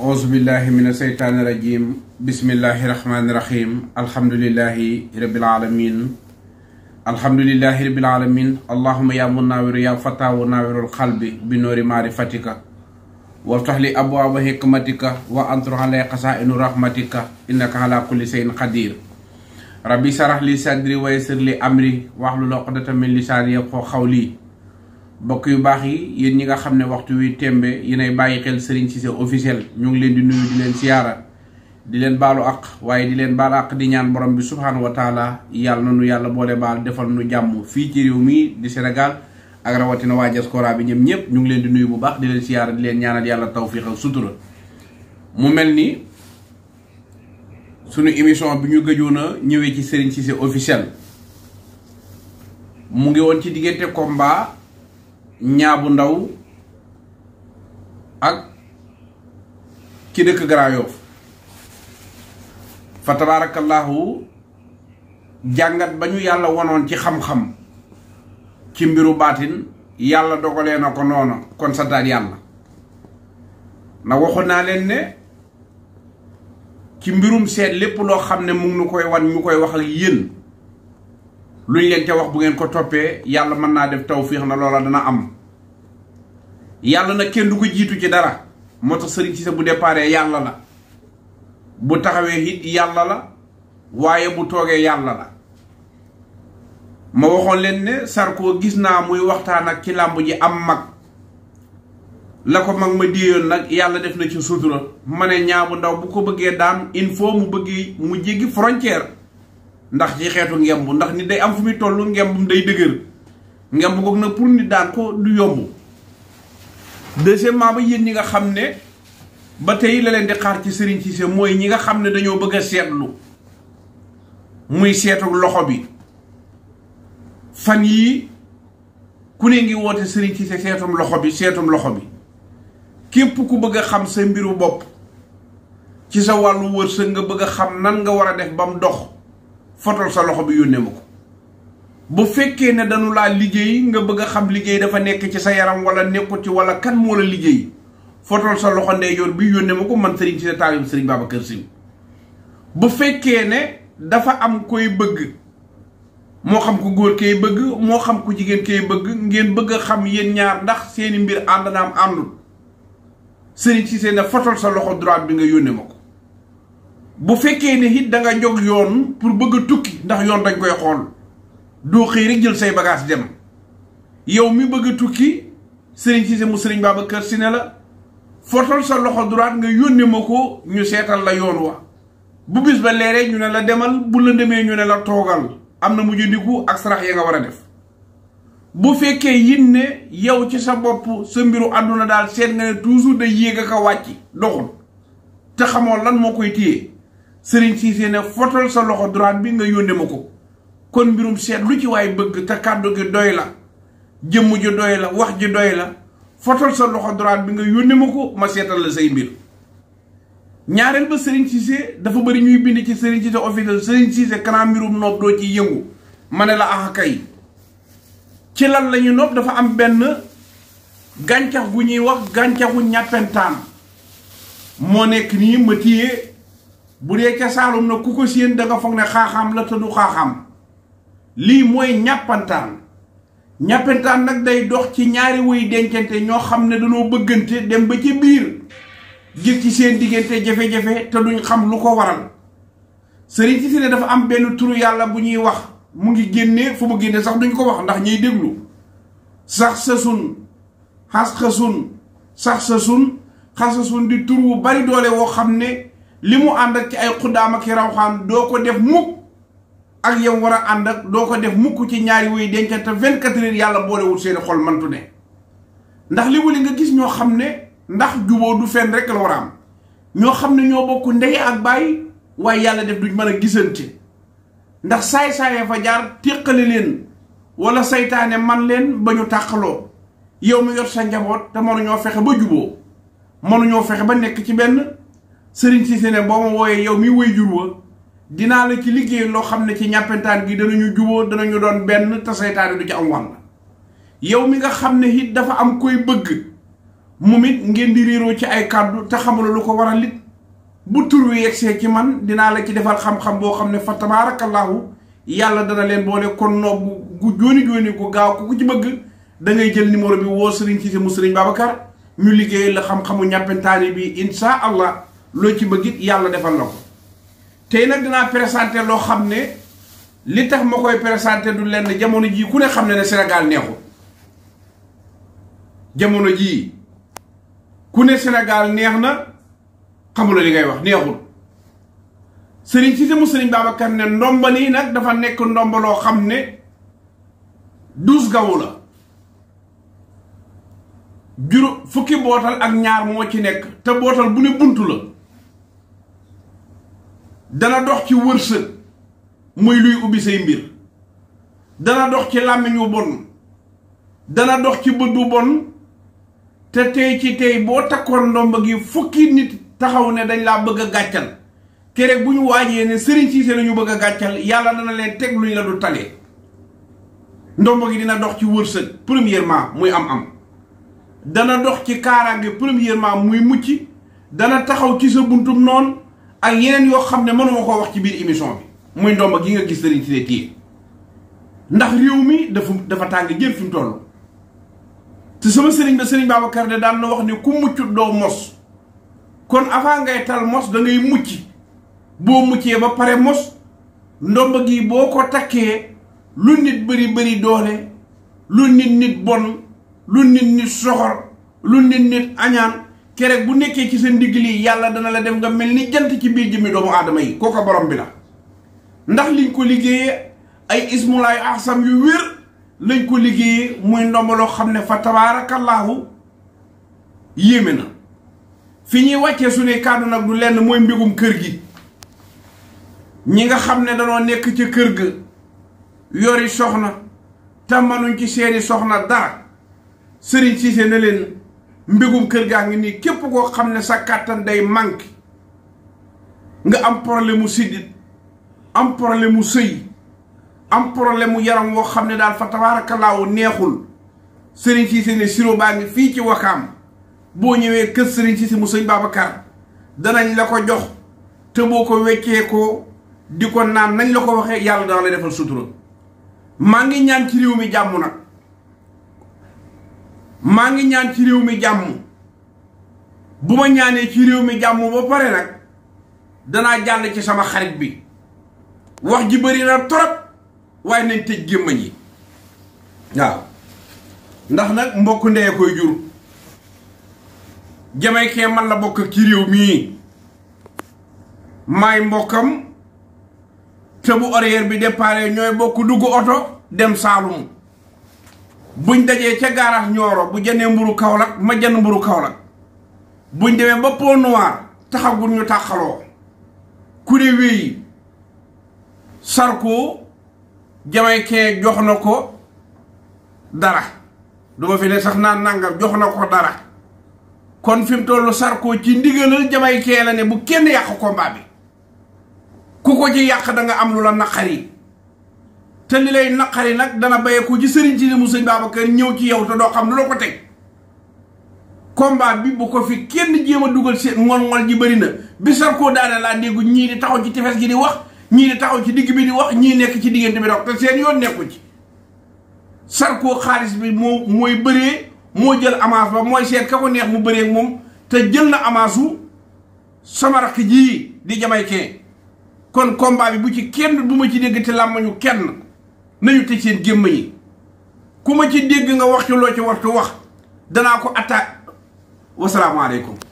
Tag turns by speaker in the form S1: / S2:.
S1: أعوذ بالله من الشيطان الرجيم بسم الله الرحمن الرحيم الحمد لله رب العالمين الحمد لله رب العالمين اللهم يا مناور يا فتى وناور القلب بنور معرفتك وافتح لي أبواب حكمتك وأنطر علي قصائن رحمتك إنك على كل شيء قدير ربي شرح لي صدري ويسر لي أمري واحلل عقدة من لساني يفقهوا قولي bokk yu baax yi yéen ñi nga xam ne waxtu wi tembe yéenay bàyyi xel Serigne Cissé officiel ñu ngi leen di nuyu di leen siyaara di leen baalu àq waaye di leen baal àq di ñaan borom bi subhaanahu wa taala yàlla na nu yàlla boole baal defal nu jàmm fii ci réew mi di senegal ak rawatina waa diaspora bi ñëm ñëpp ñu ngi leen di nuyu bu baax di leen siyaara di leen ñaanal yàlla tawfiq ak sutura mu mel ni sunu émission bi ñu gëjoon a ñëwee ci Serigne Cissé officiel mu ñaabu ndaw ak ci dëkk Grand Yoff fa tabaarakallaahu jàngat ba ñu yàlla wonoon ci xam-xam ci mbiru baatin yàlla dogalee na ko noonu kon santaat yàlla na waxu naa leen ne ci mbirum seet lépp loo xam ne mu ngi nu koy wan ñu koy wax ak yéen luñ leen ca wax bu ngeen ko toppee yàlla mën naa def tawfiix na loola dana am yàlla na kenn du ko jiitu ci dara moo tax sëriñ Cissé bu déparee yàlla la bu taxawee it yàlla la waaye bu toogee yàlla la ma waxoon leen ne Sarko gis naa muy waxtaan ak ci làmb ji am mag la ko mag ma déyoon nag yàlla def na ci sutura ma ne ñaa ñaabu ndaw bu ko bëggee daan il faut mu bëggee mu jéggi frontière ndax ci xeetu ngemb ndax nit day am fu muy toll ngembum day dëgër ngemb googu nag pour nit daan ko du yomb deuxièmement ba yéen ñi nga xam ne ba tey la leen di xaar ci Serigne Cissé mooy ñi nga xam ne dañoo bëgg seetlu muy seetu loxo bi fan yii ku ne ngi woote Serigne Cissé seetum loxo bi seetum loxo bi képp ku bëgg a xam sa mbiru bopp ci sa wàllu wërsëg nga bëgg a xam nan nga war a def ba mu dox fotol sa loxo bi yónnee ma ko bu fekkee ne dañu laa liggéey nga bëgg a xam liggéey dafa nekk ci sa yaram wala nekkut ci wala kan moo la liggéey fotol sa loxo ndeyjoor bi yónnee ma ko man sëriñ si ne taalib sëriñ kër Sy bu fekkee ne dafa am koy bëgg moo xam ko góor kay bëgg moo xam ko jigéen kay bëgg ngeen bëgg xam yéen ñaar ndax seeni mbir ànd na am àndul sëriñ si seen fotol sa loxo droit bi nga yónnee ma ko bu fekkee ne it da nga jóg yoon pour bëgg tukki ndax yoon dañ koy xool doo xëy jël say bagage dem yow mi bëgg a tukki sëriñ Cissé mu sëriñ kër si ne la fotol sa loxo duraat nga yónnee ma ko ñu seetal la yoon wa bu bis ba leeree ñu ne la demal bu la lëndëmee ñu ne la toogal am na mujjandiku ak sarax ya nga war a def bu fekkee yit ne yow ci sa bopp sa mbiru àdduna daal seet nga ne toujours da yéeg ak a wàcc doxul te xamoo lan moo koy téye sëriñ Cissé ne fotol sa loxo droite bi nga yónnee ma ko kon mbirum seet lu ci waay bëgg te kàddu gi doy la jëmm ji doy la wax ji doy la fotol sa loxo droite bi nga yónnee ma ko ma seetal la say mbir ñaareel ba sëriñ Cissé dafa bëri ñuy bind ci sëriñ Cissé officiel sëriñ Cissé kanaa mbirum nopp doo ciy yëngu ma ne la ax ah kay ci lan la ñu nopp dafa am benn gàncax gu ñuy wax gàncaxu ñàppentaan moo nekk nii ma téye bu dee ca saalum na ku ko séen da nga foog ne xaaxaam la te du xaaxaam lii mooy ñàppantaan ñàppantaan nag day dox ci ñaari wuy dencante ñoo xam ne dañoo bëggante dem ba ci biir gis ci seen diggante jafe-jafe te duñ xam lu ko waral sëriñ si ne dafa am benn turu yàlla bu ñuy wax mu ngi génnee fu mu génne sax duñ ko wax ndax ñuy déglu sax sa sun xas sa sun sax sa sun xas sa sun di tur wu bari doole woo xam ne limu anda ak ci ay xuddaam ak rawxan do ko def mukk ak yow wara a ànd ak doo ko def mukk ci ñaari wuy denca ta 24 heures boole wul seen xol man tuné ndax li nga gis ño xamné ndax juboo du fen rek la wara am ño xamné ño bokku ndey ak bay way yalla def duñ mëna ndax say fa jaar len wala saytane man len bañu ñu yow mu yor sa njaboot te ño fexé ba mënu ño fexé ba nek ci benn Serigne Cissé ne boo ma wooyee yow mi woy jur wa dinaa la ci liggéey loo xam ne ci ñàppantaan gi danañu juboo danañu doon benn te seytaane du ci am wàll yow mi nga xam ne it dafa am koy bëgg moom it ngeen di réeroo ci ay kàddu te xamul lu ko waral lit bu tur wi yegsee ci man dinaa la ci defal xam-xam boo xam ne fa tabaarakallaahu yàlla dana leen boole kon noobu gu jooni jooni ku gaaw ku ko ci bëgg da ngay jël numéro bi woo Serigne Cissé mu Serigne Babacar ñu liggéey la xam-xamu bi insha allah loo ci bëgg it yàlla defal la ko tey nag dinaa présenté loo xam ne li tax ma koy présenté du lenn jamono jii ku ne xam ne ne Sénégal neexul jamono jii ku ne Sénégal neex na xamula li ngay wax neexul sëriñ si mu sëriñ Babacar ne ndomba nag dafa nekk ndomba loo xam ne dus gawu la juróom fukki bootal ak ñaar moo ci nekk te bootal bu ne buntu la dana dox ci wërsëg muy luy ubbi say mbir dana dox ci làmmiñ wu bon dana dox ci bët bu bon te tey ci tey boo takkoon ndomb gi fukki nit taxaw ne dañ laa bëgg a gàccal keroog bu ñu waajee ne sëriñ Cissé la bëgg a gàccal yàlla dana leen teg luñ la du talee ndomba gi dina dox ci wërsëg premièrement muy am-am dana dox ci kaaraange premièrement muy mucc dana taxaw ci sa buntum noonu ak yeneen yoo xam ne mënuma koo wax ci biir émission bi muy ndomba gi nga gis Serigne Cissé téye ndax réew mi dafa dafa tàng jël fi mu toll te sama sëriñ ba sëriñ Babacar de daan na wax ne ku muccut doo mos kon avant ngay tal mos da ngay mucc boo muccee ba pare mos ndomba gi boo ko takkee lu nit bëri bëri doole lu nit nit bon lu nit nit soxor lu nit nit añaan cere bu nekkee ci sa ndigg lii yàlla dana la dem nga mel ni jant ci biir jëmmi doomu aadama yi kooka borom bi la ndax liñ ko liggéeyee ay ismulaay ahsam yu wér lañ ko liggéeyee muy ndombaloo xam ne fa tabaarakallaahu yéeme na fi ñuy wàccee suñuy kàddu nag du lenn mooy mbégum kër gi ñi nga xam ne danoo nekk ca kër ga yori soxna te manuñ ci seeni soxna dara sëriñ Cissé na leen mbégum kër gaa ngi nii képp koo xam ne sa kàttan day manqué nga am problème mu siddit am problème mu sëy am problème mu yaram woo xam ne daal fa tabaarakallaahu neexul sëriñ Cissé ne siro baa ngi fii ci wakaam boo ñëwee kër sëriñ Cissé mu sëñ Babacar danañ la ko jox te boo ko weccee ko di ko naan nañ la ko waxee yàlla dana la defal sutura maa ngi ñaan ci réew mi jàmm nag maa ngi ñaan ci réew mi jàmm bu ma ñaanee ci réew mi jàmm ba pare nag danaa jàll ci sama xarit bi wax ji bëri na trop waaye nañ tëj gémmañ yi waaw ndax nag mbokk ndeye koy jur jamaykee man la bokk ci réew mii maay mbokkam te bu bi déparé ñooy bokk dugg oto dem Saalum buñ dajé ci garax ñoro bu jëne mburu kaolak ma jëne mburu kaolak buñ déwé ba pont noir taxagul ñu taxalo kuré wi sarku jamay ke joxnako dara duma fi né sax na nangam joxnako dara kon fim tollu sarko ci ndigeelal jamay ke la né bu kenn yak combat bi ku ko ci yak da nga am lu la naxari te li lay naqari nag dana bayeeku ci sëriñ si ni mu sëñ Babacar ñëw ci yow te doo xam lu la ko teg combat bi bu ko fi kenn jéem a dugal seen ngol-ngol ji na bi Sarko daana laa déggu ñii di taxaw ci tefes gi di wax ñii di taxaw ci digg bi di wax ñii nekk ci diggante bi seen yoon nekku ci Sarko xaalis bi moo mooy bëree moo jël avance ba mooy seet ka ko neex mu bëree moom te jël na avance u sama rakk jii di jamaykee kon combat bi bu ci kenn bu ma ci dégg te làmmañu kenn na tëj seen gemma yi ku ma ci dégg nga wax ci loo ci wartu wax danaa ko attaque wasalaamaaleykum